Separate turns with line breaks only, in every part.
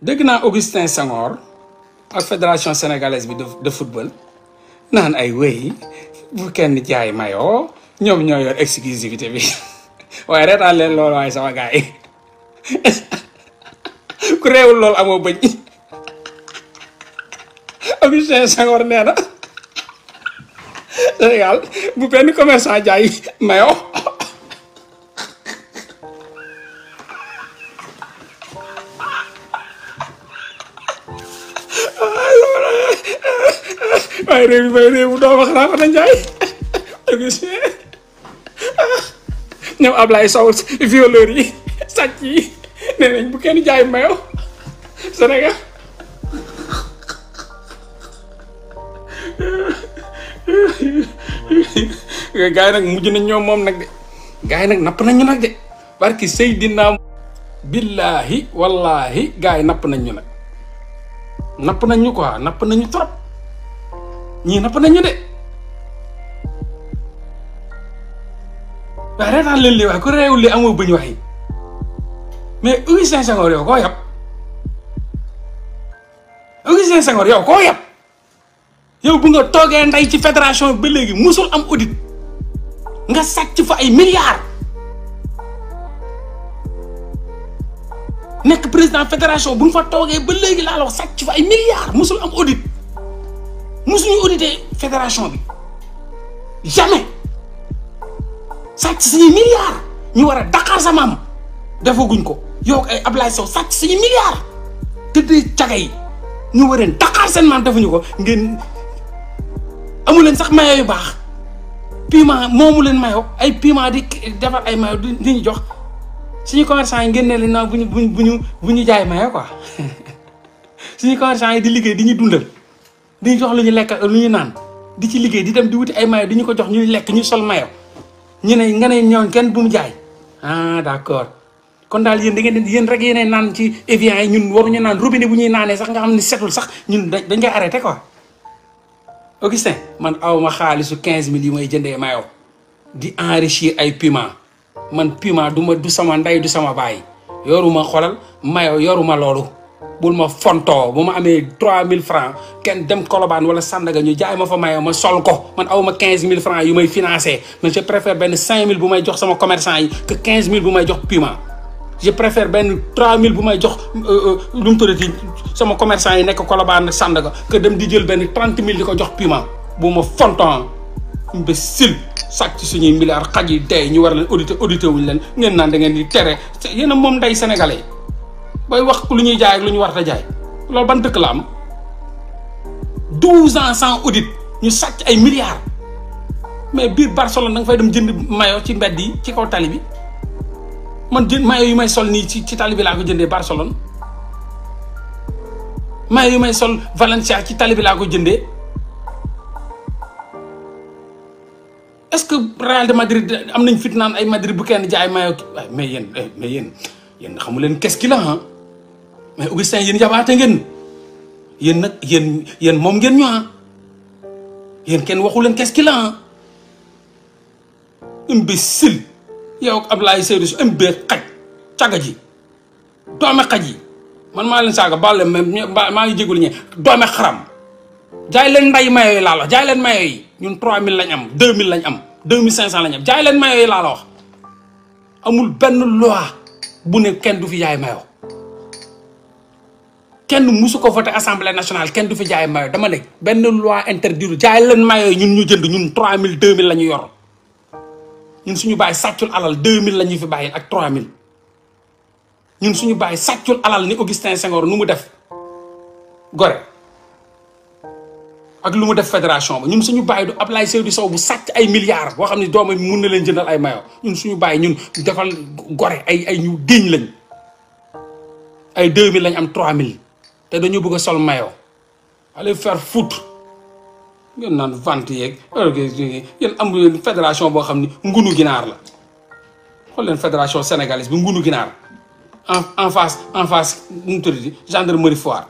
dégg naa Augustin Senghor ak fédération sénégalaise bi de football naan ay wéy bu kenn jaay mayo ñoom ñoo yor exclusivité bi waaye reetaan leen loolu waaye sama gars yi ku réewul loolu amoo bëñ Augustin Senghor nee na Sénégal bu benn commerçant jaay mayoo waaye réew ma mooy réew mu doomu xanaa Fata Ndiaye ñoom Ablaye Sow violeur yi sàcc yi nee nañ bu kenn jaay mayo Sénégal gars nag mujj nañ ñoom moom nag de gars yi nag napp nañ ñu nag de barki Seydina billaahi wallaahi gars yi napp nañ ñu nag napp nañ ñu quoi napp nañ ñu trop. ñii napp nañ ñu de waaye reetaan leen lii waaye ku reewul lii amoo bëñ waxi mais Augustin Senghor yow koo yab Augustin Senghor yow koo yab yow bu toogee ndey ci fédération ba léegi musul am audit nga sacc fa ay milliards nekk président fédération bu nga fa toogee ba léegi laa la wax sàcc fa ay milliards musul am audit suñu audité fédération bi jamais sàcc suñuy milliards ñu war a Dakar sa maam defaguñ ko yow ay Ablaye Sow sàcc suñuy milliards tëddee caga ñu war a Dakar seen maam defuñu ko ngeen amu sax mayo yu baax piment moomu leen mayo ay piment di defar ay mayo di ñu jox suñu commerçant yi ngeen ne leen bu ñu bu ñu bu ñu jaay mayo quoi suñu yi di liggéey di ñu dundal. di jox lu ñu lekk lu ñu naan di ci liggéey di dem di wuti ay mayo di ñu ko jox ñuy lekk ñu sol mayo ñu ne nga ne ñoon kenn bu mu jaay ah d'accord kon daal yéen da ngeen di yéen rek yéen naan ci Evian yi ñun waruñu naan robinet bu ñuy naanee sax nga xam ne setul sax ñun dañ koy arrêté quoi. Augustin man awma ma xaalisu 15000 yi may jëndee mayo di enrichir ay piment man piment du ma du sama ndey du sama baay yoruma xolal mayo yoruma loolu. bul ma fontoo bu ma amee mille francs kenn dem Colobane wala Sandaga ñu jaay ma fa maye ma sol ko man aw ma 15000 francs yu may financé mais je préfère benn 5000 bu may jox sama commerçant yi que 15000 bu may jox Puma. je préfère benn 3000 bu may jox euh, euh, lu mu tuddati sama commerçant yi nekk Colobane Sandaga que dem di jël benn mille di ko jox Puma bu ma fontoo imbécile sàcc suñuy milliards xaj yi day ñu war leen auditer auditer wuñ leen ngeen naan da ngeen di tere yéen a moom nday sénégalais. booy wax lu ñuy jaay ak lu ñu war a jaay loolu ban dëkk la am 12 ans sans audit ñu sàcc ay milliards mais biir Barcelone da nga fay dem jënd mayo ci mbedd yi ci kaw tali bi man jën mayo yu may sol nii ci ci tali laa ko jëndee Barcelone mayo yu may sol Valencia ci talibi laa ko jënde est-ce que Real de Madrid am nañ fit naan ay Madrid bu kenn jaay mayo waaye mais yéen eh, mais yéen yéen xamu leen qu'est-ce mais Augustin yéen jabaate ngeen yéen nag yéen yéen moom ngeen ñu ah yéen kenn waxu leen qu'est-ce qu'il a ah. imbécile yow ak Ablaye Seydou su imbé xaj caga ji doome xaj yi man maa leen saaga baal leen maa ngi jégalu ñe doome xaram jaay leen nday mayo yi laa la wax jaay leen mayo yi ñun 3000 lañ am 2000 lañ am 2500 lañ am jaay leen mayo yi laa la wax amul benn loi bu ne kenn du fi yaay mayo kenn su ko voté assemblée national kenn du fi jaay mayo dama ne benn loi interdire jaay leen mayo ñun ñu jënd ñun 3000 2000 la ñu yor ñun suñu bàyyi sàccul alal 2000 la ñu fi bàyyi ak 3000 ñun suñu bàyyi sàccul alal ni Augustin Senghor nu mu def gore ak lu mu def fédération ba ñun suñu bàyyi du Ablaye Seydou bu sàcc ay milliards boo xam ne doomam mun na leen jëndal ay mayo ñun suñu bàyyi ñun defal gore ay ay ñu déñ lañ ay mille lañ am 3000. te dañu bëgg a sol maillot allez faire foutre ngeen naan yee yeeg yéen am leen fédération boo xam ni ngunu ginaar la xool leen fédération sénégalaise bi ngunu ginaar en en face en face nu mu foire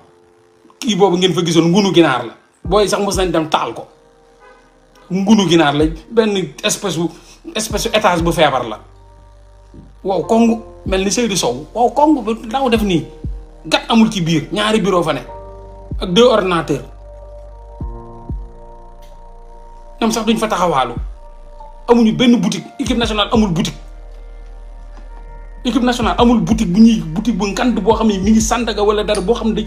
kii boobu ngeen fa gisoon ngunu ginaar la booy sax mos nañ dem taal ko ngunu ginaar la benn espèce bu espèce bu feebar la wow kongu mel ni Seydou Sow wow kongu ba def nii gat amul ci biir ñaari bureau fa ne ak deux ordinateurs ñoom sax duñ fa taxawaalu amuñu benn boutique équipe nationale amul boutique équipe nationale amul boutique bu ñuy boutique bu ngand boo xam ne mi ngi sandaga wala dara boo xam ne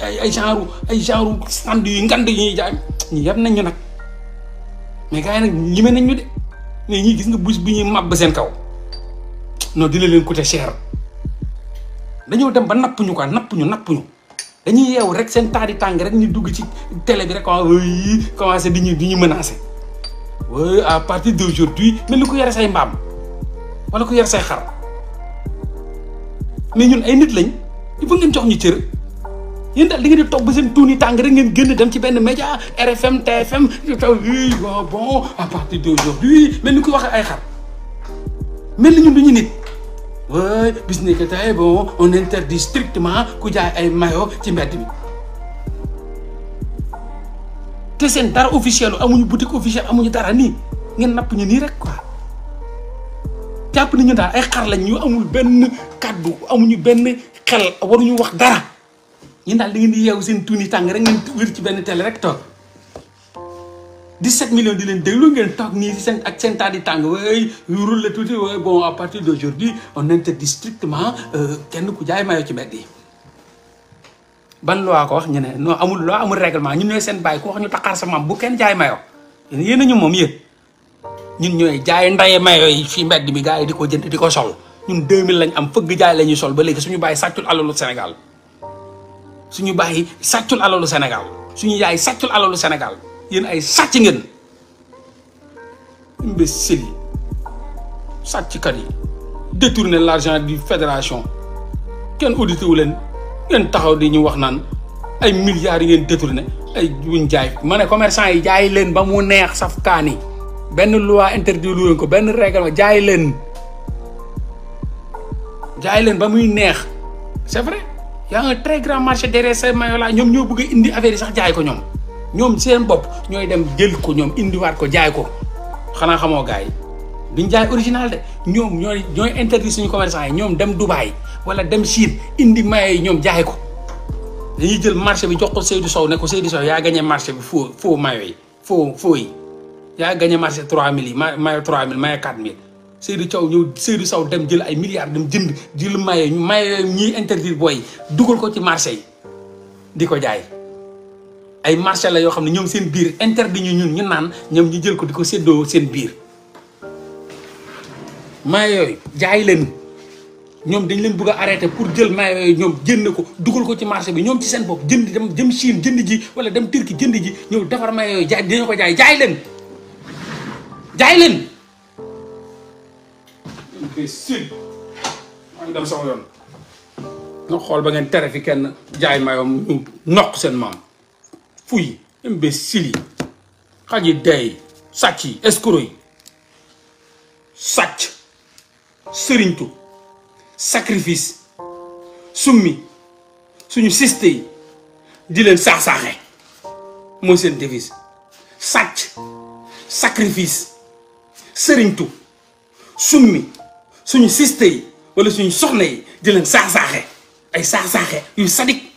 ay ay genre ay genre stand yu ngand yi ñuy jaay ñu yem nañ ñu nag mais gars yi nag nañ ñu gis nga bus bu ñuy màbb seen kaw noo dina leen coûter cher. dañoo dem ba napp ñu quoi napp ñu napp ñu dañuy yeewu rek seen taari tàng rek ñu dugg ci télé bi rek ah, commencé di ñu di ñu menacé à partir d'aujourd'hui mel ni ku yore say mbaam wala ku yore say xar mais ñun ay nit lañ il faut ngeen jox ñu cër yéen daal di ngeen di toog ba seen tuuni tàng rek ngeen génn dem ci benn média RFM TFM taw bon à partir d'aujourd'hui mel ni ku wax ay xar mel ni ñun du nit. waaye bis ni que tey bon on interdit strictement ku jaay ay mayoo ci mbedd mi te seen dara officiel amuñu boutique officielle amuñu dara nii ngeen napp ñu nii rek quoi jàpp nañu daal ay xar lañ ñu amul benn kàddu amuñu benn xel waruñu wax dara ñun daal da ngeen di yeewu seen tuuni tàng rek ngeen wér ci benn télé rek toog. 17 millions di leen déglu ngeen toog nii seen ak seen taat di tàng way yurul la tuuti way bon à partir d'aujourd'hui on interdit strictement euh, kenn ku jaay mayo ci mbedd yi ban loi ko wax ñu ne noo amul loi amul règlement ñun ñooy seen bàyyi ku wax ñu taxaar sa maam bu kenn jaay mayo yéen a ñu moom yéen ñun ñooy jaay ndaye mayo yi fii mbedd bi gars yi di ko jënd di ko sol ñun 2000 lañ am fëgg jaay la ñuy sol ba léegi suñu bàyyi sàccul alalu Sénégal suñu bàyyi sàccul alalu Sénégal suñu yaay sàccul alalu Sénégal yéen ay sàcc ngeen imbécile yi sàcckat yi détourner l' argent fédération kenn audité wu leen ngeen taxaw di ñu wax naan ay milliards yi ngeen détourné ay wuñ jaay. ma ne commerçant yi jaay leen ba mu neex saf kaani benn loi interdit lu leen ko benn règlement jaay leen jaay leen ba muy neex c' est vrai y' a un très grand marché derrière ces maillots là ñoom ñoo bëgg indi affaire yi sax jaay ko ñoom. ñoom seen bopp ñooy dem jël ko ñoom indiwaat ko jaay ko xanaa xamoo gars yi duñ jaay original de ñoom ñooy ñooy interdit suñu commerçant yi ñoom dem Dubaï wala dem Chine indi maye yi ñoom jaay ko dañuy jël marché bi jox ko Seydou saw ne ko Seydou Sow yaa gagné marché bi faux faux mayo yi faux faux yi yaa gagné marché 3000 yi ma mayo 3000 mayo 4000 Seydou Sow ñëw Seydou Sow dem jël ay milliards dem jënd jël mayo ñu mayo ñuy interdit booy dugal ko ci marché yi di ko jaay. ay marché la yoo xam ne ñoom seen biir bi ñu ñun ñu naan ñoom ñu jël ko di ko seddoo seen biir maillot yooyu jaay leen ñoom dañ leen bëgg a arrêté pour jël maillot yooyu ñoom jënd ko dugal ko ci marché bi ñoom ci seen bopp jënd dem jëm Chine jënd ji wala dem Turquie jënd ji ñëw defar maillot yooyu jaay dañu ko jaay jaay leen jaay leen maa ngi dem sama yoon xool ba ngeen tere fi kenn jaay maillot mu noq seen maam fu yi imbécile yi xaj yi dey sàcc yi escroc yi sàcc sëriñtu sacrifice summi suñu siste yi di leen saax-saaxe mooy seen defis sàcc sacrifice sëriñtu summi suñu siste yi wala suñu soxna yi di leen saax-saaxe ay saax-saaxe yu sadik